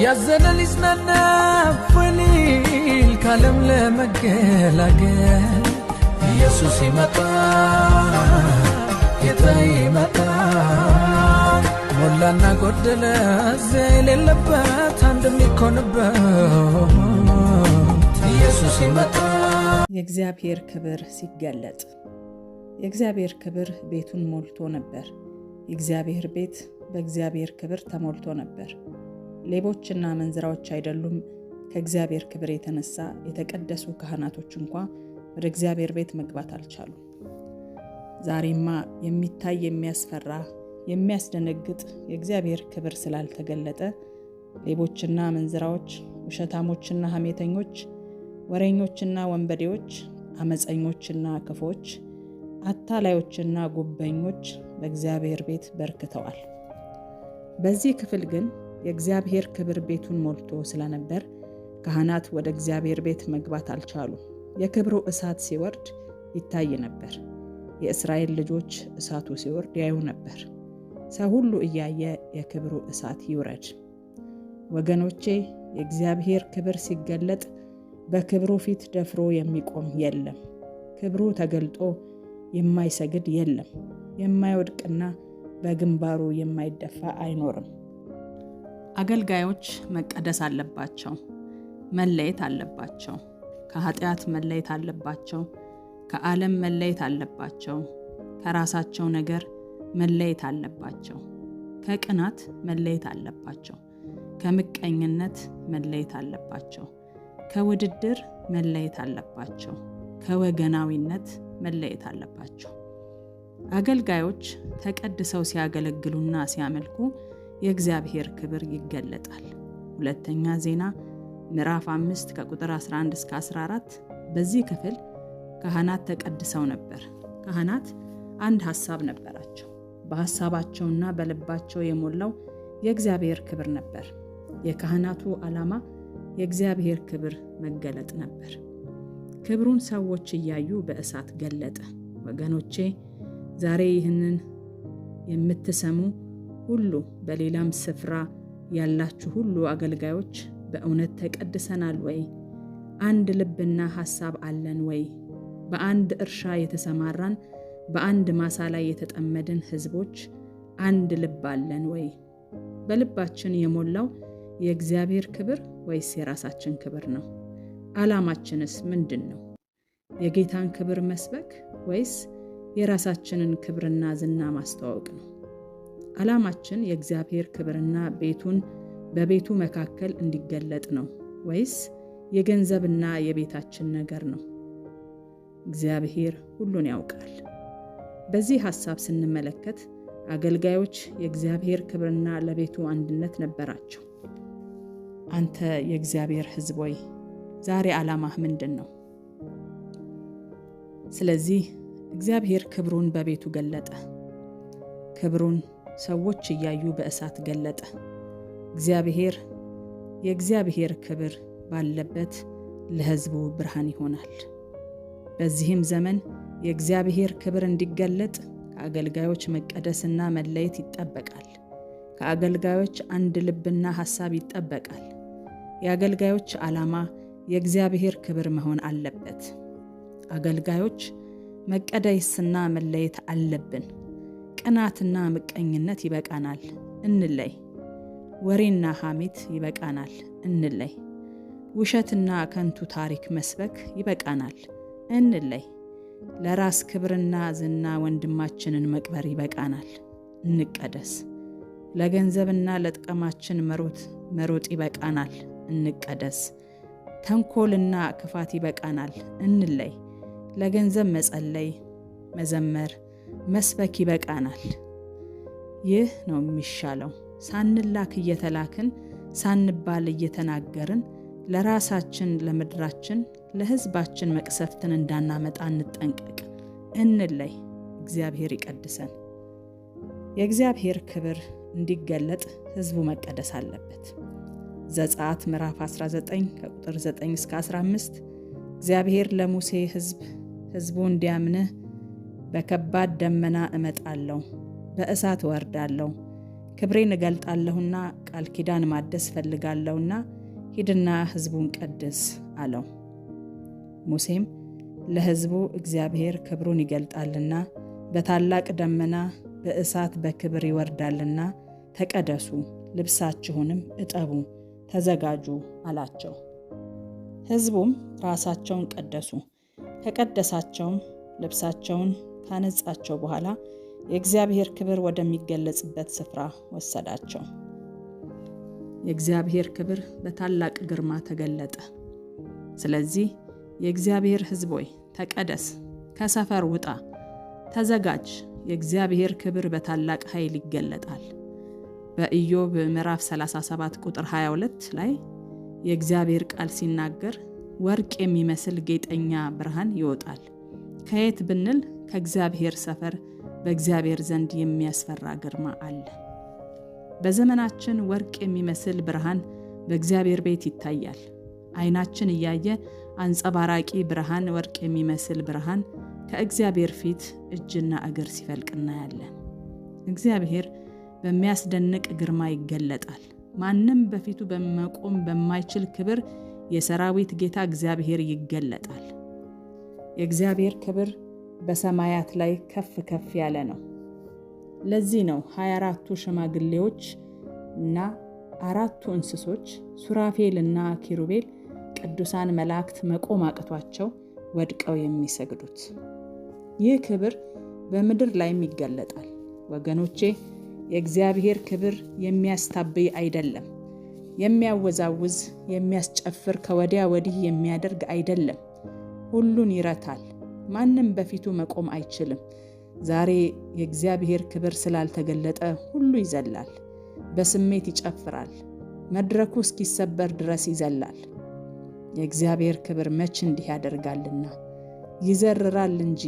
ያዘነ ሊጽናና ፈሊል ካለም ለመገላገል ኢየሱስ ጌታ ሞላና ጎደለ እዚያ የሌለበት አንድ የሚኮንበት ኢየሱስ የእግዚአብሔር ክብር ሲገለጥ የእግዚአብሔር ክብር ቤቱን ሞልቶ ነበር። የእግዚአብሔር ቤት በእግዚአብሔር ክብር ተሞልቶ ነበር። ሌቦችና መንዝራዎች አይደሉም። ከእግዚአብሔር ክብር የተነሳ የተቀደሱ ካህናቶች እንኳ ወደ እግዚአብሔር ቤት መግባት አልቻሉም። ዛሬማ የሚታይ የሚያስፈራ የሚያስደነግጥ የእግዚአብሔር ክብር ስላልተገለጠ ሌቦችና መንዝራዎች፣ ውሸታሞችና ሐሜተኞች፣ ወሬኞችና ወንበዴዎች፣ አመፀኞችና ክፎች፣ አታላዮችና ጉበኞች በእግዚአብሔር ቤት በርክተዋል። በዚህ ክፍል ግን የእግዚአብሔር ክብር ቤቱን ሞልቶ ስለነበር ካህናት ወደ እግዚአብሔር ቤት መግባት አልቻሉ። የክብሩ እሳት ሲወርድ ይታይ ነበር። የእስራኤል ልጆች እሳቱ ሲወርድ ያዩ ነበር። ሰው ሁሉ እያየ የክብሩ እሳት ይውረድ። ወገኖቼ የእግዚአብሔር ክብር ሲገለጥ በክብሩ ፊት ደፍሮ የሚቆም የለም። ክብሩ ተገልጦ የማይሰግድ የለም። የማይወድቅና በግንባሩ የማይደፋ አይኖርም። አገልጋዮች መቀደስ አለባቸው፣ መለየት አለባቸው፣ ከኃጢአት መለየት አለባቸው፣ ከዓለም መለየት አለባቸው፣ ከራሳቸው ነገር መለየት አለባቸው፣ ከቅናት መለየት አለባቸው፣ ከምቀኝነት መለየት አለባቸው፣ ከውድድር መለየት አለባቸው፣ ከወገናዊነት መለየት አለባቸው። አገልጋዮች ተቀድሰው ሲያገለግሉና ሲያመልኩ የእግዚአብሔር ክብር ይገለጣል። ሁለተኛ ዜና ምዕራፍ 5 ከቁጥር 11 እስከ 14። በዚህ ክፍል ካህናት ተቀድሰው ነበር። ካህናት አንድ ሐሳብ ነበራቸው። በሐሳባቸውና በልባቸው የሞላው የእግዚአብሔር ክብር ነበር። የካህናቱ ዓላማ የእግዚአብሔር ክብር መገለጥ ነበር። ክብሩን ሰዎች እያዩ በእሳት ገለጠ። ወገኖቼ ዛሬ ይህንን የምትሰሙ ሁሉ በሌላም ስፍራ ያላችሁ ሁሉ አገልጋዮች በእውነት ተቀድሰናል ወይ? አንድ ልብና ሐሳብ አለን ወይ? በአንድ እርሻ የተሰማራን በአንድ ማሳ ላይ የተጠመድን ሕዝቦች አንድ ልብ አለን ወይ? በልባችን የሞላው የእግዚአብሔር ክብር ወይስ የራሳችን ክብር ነው? ዓላማችንስ ምንድን ነው? የጌታን ክብር መስበክ ወይስ የራሳችንን ክብርና ዝና ማስተዋወቅ ነው? ዓላማችን የእግዚአብሔር ክብርና ቤቱን በቤቱ መካከል እንዲገለጥ ነው ወይስ የገንዘብና የቤታችን ነገር ነው? እግዚአብሔር ሁሉን ያውቃል። በዚህ ሐሳብ ስንመለከት አገልጋዮች የእግዚአብሔር ክብርና ለቤቱ አንድነት ነበራቸው። አንተ የእግዚአብሔር ሕዝብ ሆይ ዛሬ ዓላማህ ምንድን ነው? ስለዚህ እግዚአብሔር ክብሩን በቤቱ ገለጠ። ክብሩን ሰዎች እያዩ በእሳት ገለጠ። እግዚአብሔር የእግዚአብሔር ክብር ባለበት ለሕዝቡ ብርሃን ይሆናል። በዚህም ዘመን የእግዚአብሔር ክብር እንዲገለጥ ከአገልጋዮች መቀደስና መለየት ይጠበቃል። ከአገልጋዮች አንድ ልብና ሐሳብ ይጠበቃል። የአገልጋዮች ዓላማ የእግዚአብሔር ክብር መሆን አለበት። አገልጋዮች መቀደስና መለየት አለብን። ቅናትና ምቀኝነት ይበቃናል፣ እንለይ። ወሬና ሐሜት ይበቃናል፣ እንለይ። ውሸትና ከንቱ ታሪክ መስበክ ይበቃናል፣ እንለይ። ለራስ ክብርና ዝና ወንድማችንን መቅበር ይበቃናል፣ እንቀደስ። ለገንዘብና ለጥቀማችን መሮጥ መሮጥ ይበቃናል፣ እንቀደስ። ተንኮልና ክፋት ይበቃናል፣ እንለይ። ለገንዘብ መጸለይ፣ መዘመር መስበክ ይበቃናል። ይህ ነው የሚሻለው። ሳንላክ እየተላክን ሳንባል እየተናገርን ለራሳችን፣ ለምድራችን፣ ለሕዝባችን መቅሰፍትን እንዳናመጣ እንጠንቀቅ፣ እንለይ። እግዚአብሔር ይቀድሰን። የእግዚአብሔር ክብር እንዲገለጥ ሕዝቡ መቀደስ አለበት። ዘጸአት ምዕራፍ 19 ከቁጥር 9 እስከ 15 እግዚአብሔር ለሙሴ ሕዝብ ሕዝቡ እንዲያምንህ በከባድ ደመና እመጣለሁ፣ በእሳት እወርዳለሁ። ክብሬን እገልጣለሁና ቃል ኪዳን ማደስ ፈልጋለሁና ሂድና ሕዝቡን ቀድስ አለው። ሙሴም ለሕዝቡ እግዚአብሔር ክብሩን ይገልጣልና በታላቅ ደመና በእሳት በክብር ይወርዳልና ተቀደሱ፣ ልብሳችሁንም እጠቡ፣ ተዘጋጁ አላቸው። ሕዝቡም ራሳቸውን ቀደሱ። ከቀደሳቸውም ልብሳቸውን ካነጻቸው በኋላ የእግዚአብሔር ክብር ወደሚገለጽበት ስፍራ ወሰዳቸው። የእግዚአብሔር ክብር በታላቅ ግርማ ተገለጠ። ስለዚህ የእግዚአብሔር ሕዝብ ሆይ ተቀደስ፣ ከሰፈር ውጣ፣ ተዘጋጅ፣ የእግዚአብሔር ክብር በታላቅ ኃይል ይገለጣል። በኢዮብ ምዕራፍ 37 ቁጥር 22 ላይ የእግዚአብሔር ቃል ሲናገር ወርቅ የሚመስል ጌጠኛ ብርሃን ይወጣል። ከየት ብንል ከእግዚአብሔር ሰፈር በእግዚአብሔር ዘንድ የሚያስፈራ ግርማ አለ። በዘመናችን ወርቅ የሚመስል ብርሃን በእግዚአብሔር ቤት ይታያል። ዓይናችን እያየ አንጸባራቂ ብርሃን፣ ወርቅ የሚመስል ብርሃን ከእግዚአብሔር ፊት እጅና እግር ሲፈልቅ እናያለን። እግዚአብሔር በሚያስደንቅ ግርማ ይገለጣል። ማንም በፊቱ በመቆም በማይችል ክብር የሰራዊት ጌታ እግዚአብሔር ይገለጣል። የእግዚአብሔር ክብር በሰማያት ላይ ከፍ ከፍ ያለ ነው። ለዚህ ነው 24ቱ ሽማግሌዎች እና አራቱ እንስሶች ሱራፌል እና ኪሩቤል ቅዱሳን መላእክት መቆም አቅቷቸው ወድቀው የሚሰግዱት። ይህ ክብር በምድር ላይም ይገለጣል። ወገኖቼ የእግዚአብሔር ክብር የሚያስታብይ አይደለም። የሚያወዛውዝ፣ የሚያስጨፍር፣ ከወዲያ ወዲህ የሚያደርግ አይደለም። ሁሉን ይረታል፣ ማንም በፊቱ መቆም አይችልም። ዛሬ የእግዚአብሔር ክብር ስላልተገለጠ ሁሉ ይዘላል፣ በስሜት ይጨፍራል፣ መድረኩ እስኪሰበር ድረስ ይዘላል። የእግዚአብሔር ክብር መች እንዲህ ያደርጋልና ይዘርራል እንጂ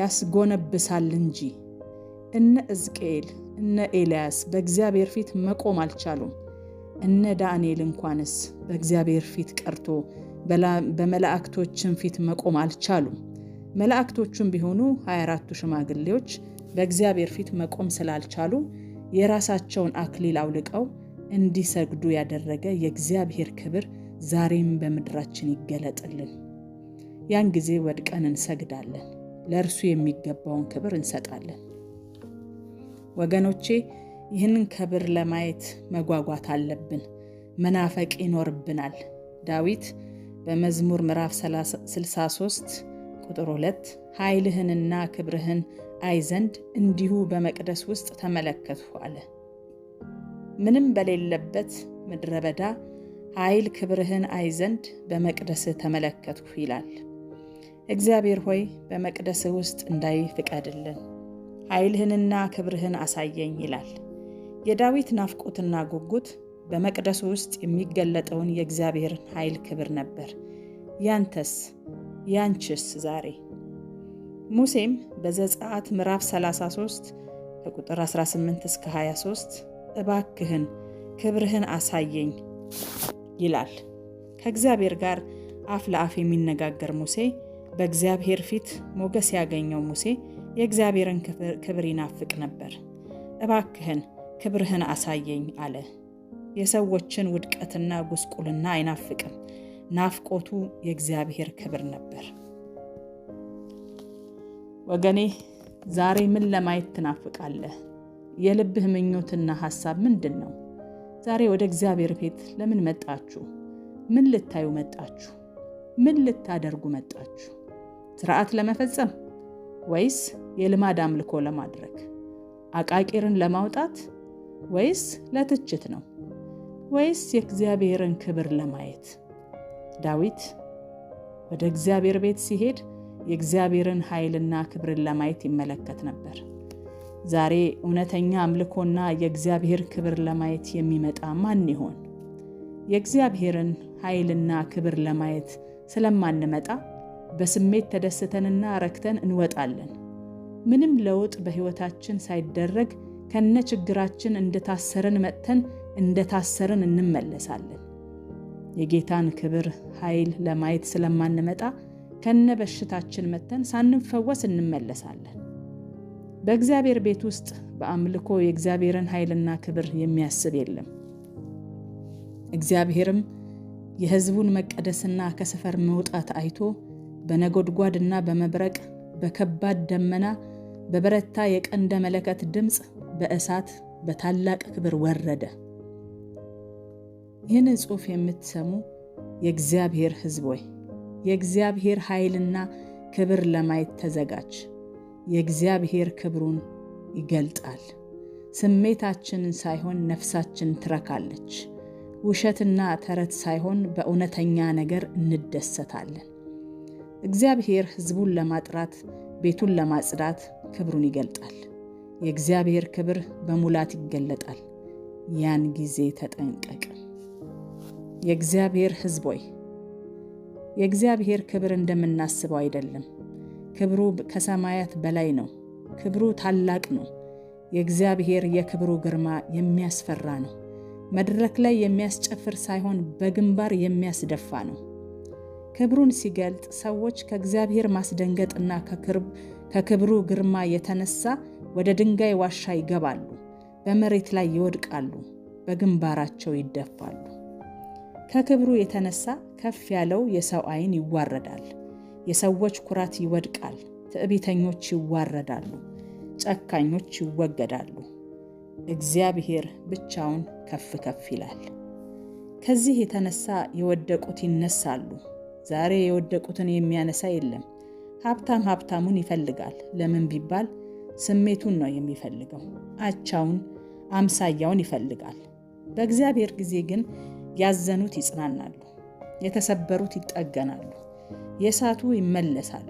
ያስጎነብሳል እንጂ። እነ እዝቅኤል እነ ኤልያስ በእግዚአብሔር ፊት መቆም አልቻሉም። እነ ዳንኤል እንኳንስ በእግዚአብሔር ፊት ቀርቶ በመላእክቶችን ፊት መቆም አልቻሉም። መላእክቶቹም ቢሆኑ 24ቱ ሽማግሌዎች በእግዚአብሔር ፊት መቆም ስላልቻሉ የራሳቸውን አክሊል አውልቀው እንዲሰግዱ ያደረገ የእግዚአብሔር ክብር ዛሬም በምድራችን ይገለጥልን። ያን ጊዜ ወድቀን እንሰግዳለን፣ ለእርሱ የሚገባውን ክብር እንሰጣለን። ወገኖቼ ይህንን ክብር ለማየት መጓጓት አለብን፣ መናፈቅ ይኖርብናል። ዳዊት በመዝሙር ምዕራፍ 63 ቁጥር ሁለት ኃይልህንና ክብርህን አይ ዘንድ እንዲሁ በመቅደስ ውስጥ ተመለከትሁ አለ። ምንም በሌለበት ምድረ በዳ ኃይል ክብርህን አይ ዘንድ በመቅደስህ ተመለከትሁ ይላል። እግዚአብሔር ሆይ በመቅደስህ ውስጥ እንዳይ ፍቀድልን፣ ኃይልህንና ክብርህን አሳየኝ ይላል። የዳዊት ናፍቆትና ጉጉት በመቅደሱ ውስጥ የሚገለጠውን የእግዚአብሔርን ኃይል ክብር ነበር። ያንተስ ያንችስ ዛሬ? ሙሴም በዘጸአት ምዕራፍ 33 ከቁጥር 18 እስከ 23 እባክህን ክብርህን አሳየኝ ይላል። ከእግዚአብሔር ጋር አፍ ለአፍ የሚነጋገር ሙሴ፣ በእግዚአብሔር ፊት ሞገስ ያገኘው ሙሴ የእግዚአብሔርን ክብር ይናፍቅ ነበር። እባክህን ክብርህን አሳየኝ አለ። የሰዎችን ውድቀትና ጉስቁልና አይናፍቅም። ናፍቆቱ የእግዚአብሔር ክብር ነበር። ወገኔ ዛሬ ምን ለማየት ትናፍቃለህ? የልብህ ምኞትና ሐሳብ ምንድን ነው? ዛሬ ወደ እግዚአብሔር ቤት ለምን መጣችሁ? ምን ልታዩ መጣችሁ? ምን ልታደርጉ መጣችሁ? ስርዓት ለመፈጸም ወይስ የልማድ አምልኮ ለማድረግ? አቃቂርን ለማውጣት ወይስ ለትችት ነው? ወይስ የእግዚአብሔርን ክብር ለማየት? ዳዊት ወደ እግዚአብሔር ቤት ሲሄድ የእግዚአብሔርን ኃይልና ክብርን ለማየት ይመለከት ነበር። ዛሬ እውነተኛ አምልኮና የእግዚአብሔር ክብር ለማየት የሚመጣ ማን ይሆን? የእግዚአብሔርን ኃይልና ክብር ለማየት ስለማንመጣ በስሜት ተደስተንና ረክተን እንወጣለን። ምንም ለውጥ በሕይወታችን ሳይደረግ ከነ ችግራችን እንደታሰረን መጥተን እንደታሰረን እንመለሳለን። የጌታን ክብር ኃይል ለማየት ስለማንመጣ ከነ በሽታችን መተን ሳንፈወስ እንመለሳለን። በእግዚአብሔር ቤት ውስጥ በአምልኮ የእግዚአብሔርን ኃይልና ክብር የሚያስብ የለም። እግዚአብሔርም የሕዝቡን መቀደስና ከሰፈር መውጣት አይቶ በነጎድጓድና በመብረቅ በከባድ ደመና በበረታ የቀንደ መለከት ድምፅ በእሳት በታላቅ ክብር ወረደ። ይህንን ጽሑፍ የምትሰሙ የእግዚአብሔር ሕዝብ ወይ የእግዚአብሔር ኃይልና ክብር ለማየት ተዘጋጅ። የእግዚአብሔር ክብሩን ይገልጣል። ስሜታችንን ሳይሆን ነፍሳችን ትረካለች። ውሸትና ተረት ሳይሆን በእውነተኛ ነገር እንደሰታለን። እግዚአብሔር ሕዝቡን ለማጥራት፣ ቤቱን ለማጽዳት ክብሩን ይገልጣል። የእግዚአብሔር ክብር በሙላት ይገለጣል። ያን ጊዜ ተጠንቀቅ። የእግዚአብሔር ሕዝብ ሆይ የእግዚአብሔር ክብር እንደምናስበው አይደለም። ክብሩ ከሰማያት በላይ ነው። ክብሩ ታላቅ ነው። የእግዚአብሔር የክብሩ ግርማ የሚያስፈራ ነው። መድረክ ላይ የሚያስጨፍር ሳይሆን በግንባር የሚያስደፋ ነው። ክብሩን ሲገልጥ ሰዎች ከእግዚአብሔር ማስደንገጥና ከክብሩ ግርማ የተነሳ ወደ ድንጋይ ዋሻ ይገባሉ፣ በመሬት ላይ ይወድቃሉ፣ በግንባራቸው ይደፋሉ። ከክብሩ የተነሳ ከፍ ያለው የሰው ዓይን ይዋረዳል፣ የሰዎች ኩራት ይወድቃል፣ ትዕቢተኞች ይዋረዳሉ፣ ጨካኞች ይወገዳሉ። እግዚአብሔር ብቻውን ከፍ ከፍ ይላል። ከዚህ የተነሳ የወደቁት ይነሳሉ። ዛሬ የወደቁትን የሚያነሳ የለም። ሀብታም ሀብታሙን ይፈልጋል። ለምን ቢባል ስሜቱን ነው የሚፈልገው፣ አቻውን አምሳያውን ይፈልጋል። በእግዚአብሔር ጊዜ ግን ያዘኑት ይጽናናሉ፣ የተሰበሩት ይጠገናሉ፣ የሳቱ ይመለሳሉ፣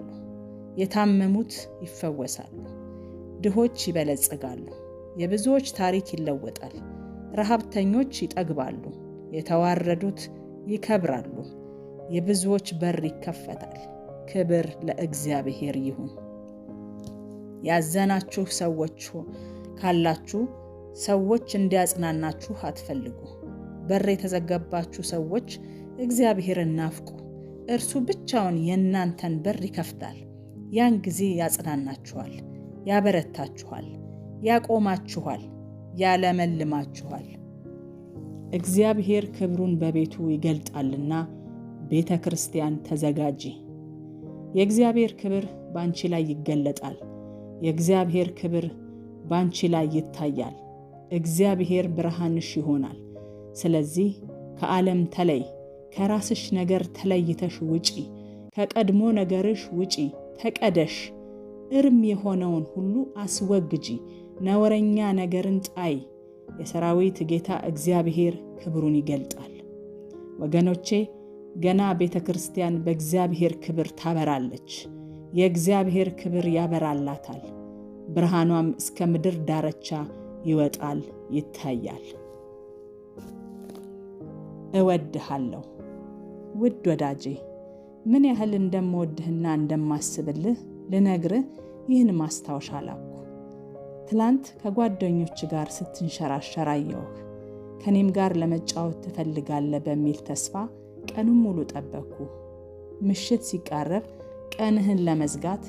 የታመሙት ይፈወሳሉ፣ ድሆች ይበለጽጋሉ፣ የብዙዎች ታሪክ ይለወጣል፣ ረሃብተኞች ይጠግባሉ፣ የተዋረዱት ይከብራሉ፣ የብዙዎች በር ይከፈታል። ክብር ለእግዚአብሔር ይሁን። ያዘናችሁ ሰዎች ካላችሁ ሰዎች እንዲያጽናናችሁ አትፈልጉ። በር የተዘጋባችሁ ሰዎች እግዚአብሔርን ናፍቁ። እርሱ ብቻውን የእናንተን በር ይከፍታል። ያን ጊዜ ያጽናናችኋል፣ ያበረታችኋል፣ ያቆማችኋል፣ ያለመልማችኋል። እግዚአብሔር ክብሩን በቤቱ ይገልጣልና ቤተ ክርስቲያን ተዘጋጂ። የእግዚአብሔር ክብር በአንቺ ላይ ይገለጣል። የእግዚአብሔር ክብር በአንቺ ላይ ይታያል። እግዚአብሔር ብርሃንሽ ይሆናል። ስለዚህ ከዓለም ተለይ፣ ከራስሽ ነገር ተለይተሽ ውጪ፣ ከቀድሞ ነገርሽ ውጪ፣ ተቀደሽ። እርም የሆነውን ሁሉ አስወግጂ፣ ነውረኛ ነገርን ጣይ። የሰራዊት ጌታ እግዚአብሔር ክብሩን ይገልጣል። ወገኖቼ ገና ቤተ ክርስቲያን በእግዚአብሔር ክብር ታበራለች። የእግዚአብሔር ክብር ያበራላታል፣ ብርሃኗም እስከ ምድር ዳርቻ ይወጣል ይታያል። እወድሃለሁ። ውድ ወዳጄ ምን ያህል እንደምወድህና እንደማስብልህ ልነግርህ ይህን ማስታወሻ ላኩ። ትላንት ከጓደኞች ጋር ስትንሸራሸር አየሁህ። ከኔም ጋር ለመጫወት ትፈልጋለህ በሚል ተስፋ ቀኑን ሙሉ ጠበቅኩ። ምሽት ሲቃረብ ቀንህን ለመዝጋት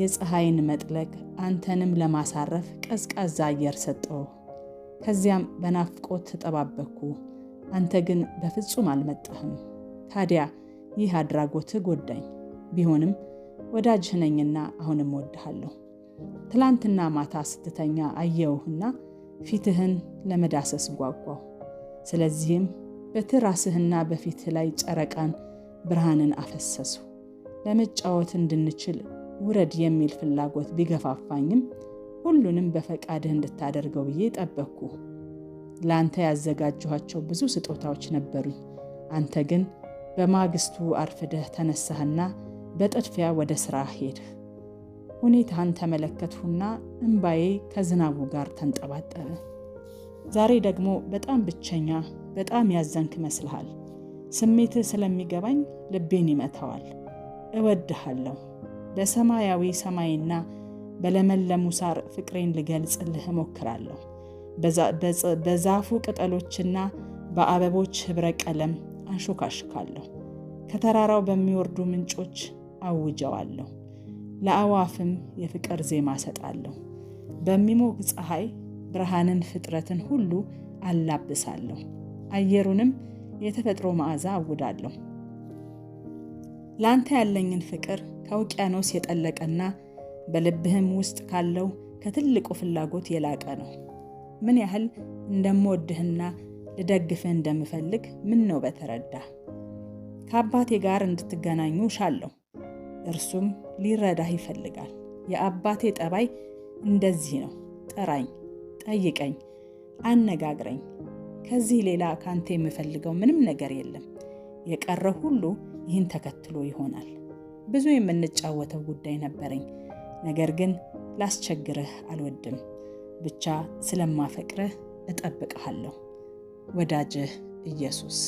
የፀሐይን መጥለቅ አንተንም ለማሳረፍ ቀዝቃዛ አየር ሰጠው። ከዚያም በናፍቆት ተጠባበቅኩ። አንተ ግን በፍጹም አልመጣህም። ታዲያ ይህ አድራጎትህ ጎዳኝ። ቢሆንም ወዳጅህ ነኝና አሁንም ወድሃለሁ። ትላንትና ማታ ስትተኛ አየውህና ፊትህን ለመዳሰስ ጓጓሁ። ስለዚህም በትራስህና በፊትህ ላይ ጨረቃን ብርሃንን አፈሰስሁ። ለመጫወት እንድንችል ውረድ የሚል ፍላጎት ቢገፋፋኝም ሁሉንም በፈቃድህ እንድታደርገው ብዬ ጠበቅኩ። ለአንተ ያዘጋጀኋቸው ብዙ ስጦታዎች ነበሩኝ። አንተ ግን በማግስቱ አርፍደህ ተነሳህና በጥድፊያ ወደ ሥራ ሄድህ። ሁኔታህን ተመለከትሁና እምባዬ ከዝናቡ ጋር ተንጠባጠበ። ዛሬ ደግሞ በጣም ብቸኛ፣ በጣም ያዘንክ መስልሃል። ስሜትህ ስለሚገባኝ ልቤን ይመታዋል። እወድሃለሁ። በሰማያዊ ሰማይና በለመለሙ ሳር ፍቅሬን ልገልጽልህ እሞክራለሁ። በዛፉ ቅጠሎችና በአበቦች ኅብረ ቀለም አንሾካሽካለሁ። ከተራራው በሚወርዱ ምንጮች አውጀዋለሁ። ለአዋፍም የፍቅር ዜማ ሰጣለሁ። በሚሞቅ ፀሐይ ብርሃንን ፍጥረትን ሁሉ አላብሳለሁ። አየሩንም የተፈጥሮ መዓዛ አውዳለሁ። ለአንተ ያለኝን ፍቅር ከውቅያኖስ የጠለቀና በልብህም ውስጥ ካለው ከትልቁ ፍላጎት የላቀ ነው። ምን ያህል እንደምወድህና ልደግፍህ እንደምፈልግ ምን ነው በተረዳህ። ከአባቴ ጋር እንድትገናኙ ሻለሁ። እርሱም ሊረዳህ ይፈልጋል። የአባቴ ጠባይ እንደዚህ ነው። ጥራኝ፣ ጠይቀኝ፣ አነጋግረኝ። ከዚህ ሌላ ካንተ የምፈልገው ምንም ነገር የለም። የቀረ ሁሉ ይህን ተከትሎ ይሆናል። ብዙ የምንጫወተው ጉዳይ ነበረኝ፣ ነገር ግን ላስቸግርህ አልወድም። ብቻ ስለማፈቅርህ እጠብቅሃለሁ ወዳጅህ ኢየሱስ።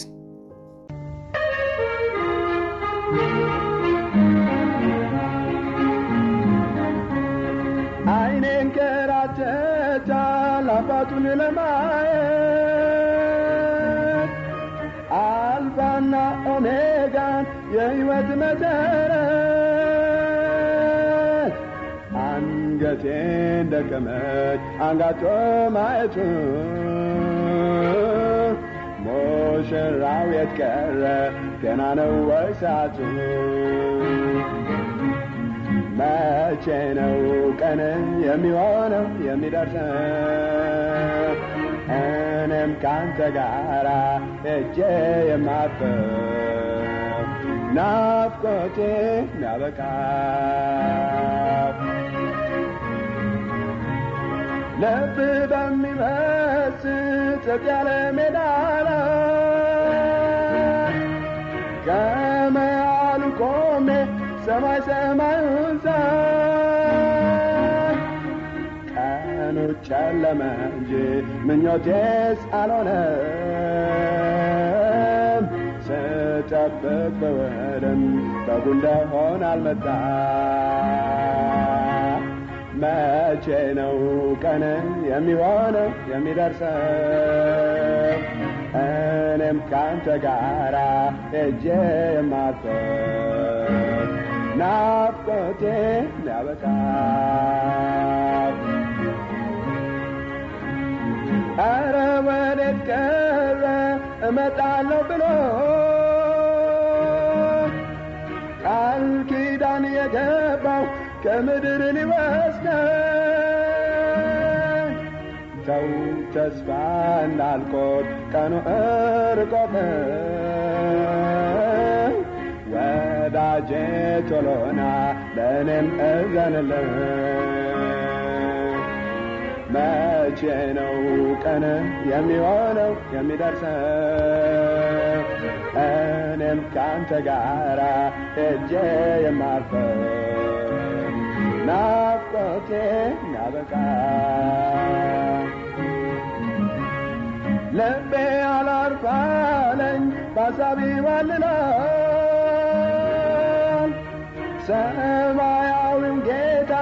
አይኔን ከራጨቻል አባቱን ለማየት አልፋና ኦሜጋን የህይወት መሰረት አንገቴን ደከመች አንጋቶ ማየቱ ሙሽራው የት ቀረ ገና ነው ወይሳቱ መቼ ነው ቀን የሚሆነው የሚደርሰ እኔም ካንተ ጋራ እጄ የማፈር ናፍቆቴ ሚያበቃ ለብ በሚመስጥ ጸጥ ያለ ሜዳ ላይ ከመሃሉ ቆሜ ሰማይ ሰማዩን ሳይ ቀኑ ጨለመ እንጂ ምኞቴስ አልሆነም። ስጠብቅ በወደም በጉንደ ሆን አልመጣም። መቼ ነው ቀን የሚሆነው የሚደርሰው? እኔም ካንተ ጋራ እጄ የማርፈው ናፍቆቴ ሊያበቃ አረ ወዴት ቀረ እመጣለሁ ብሎ ቃል ኪዳን የገባው ከምድር ሊወስደን ተው ተስፋ እንዳልቆት ቀኑ እርቆም ወዳጄ ቶሎና ለእኔም እዘንልን መቼ ነው ቀን የሚሆነው የሚደርሰ እኔም ካንተ ጋራ እጄ የማርፈው ናፍቆቴ ያበቃ ልቤ አላርፋለኝ ባሳቢ ባልላል ሰማያዊም ጌታ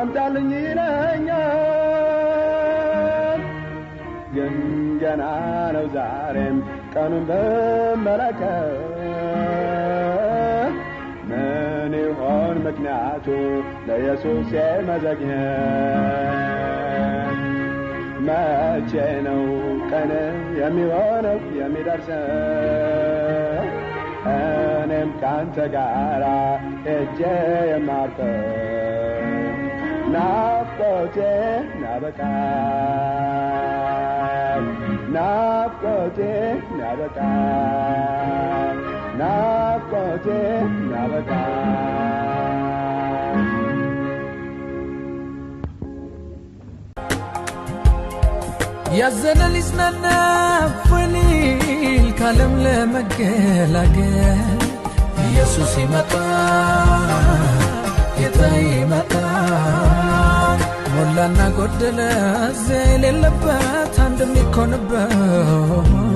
አምጣልኝ ይለኛል ግን ገና ነው ዛሬም ቀኑን በመለከ ምን ይሆን ምክንያቱ ለኢየሱስ መዘግየት መቼ ነው ቀን የሚሆነው የሚደርሰው እኔም ካንተ ጋራ ናፍቆቴ ናበቃል ናፍቆቴ ናበቃል ናፍቆቴ ናበቃል ያዘነ ሊጽናና ፎይሊል ካለም ለመገላገል ኢየሱስ ይመጣ ጌታ ይመጣ ሞላና ጎደለ ዜ የሌለበት አንድ የሚኮንበት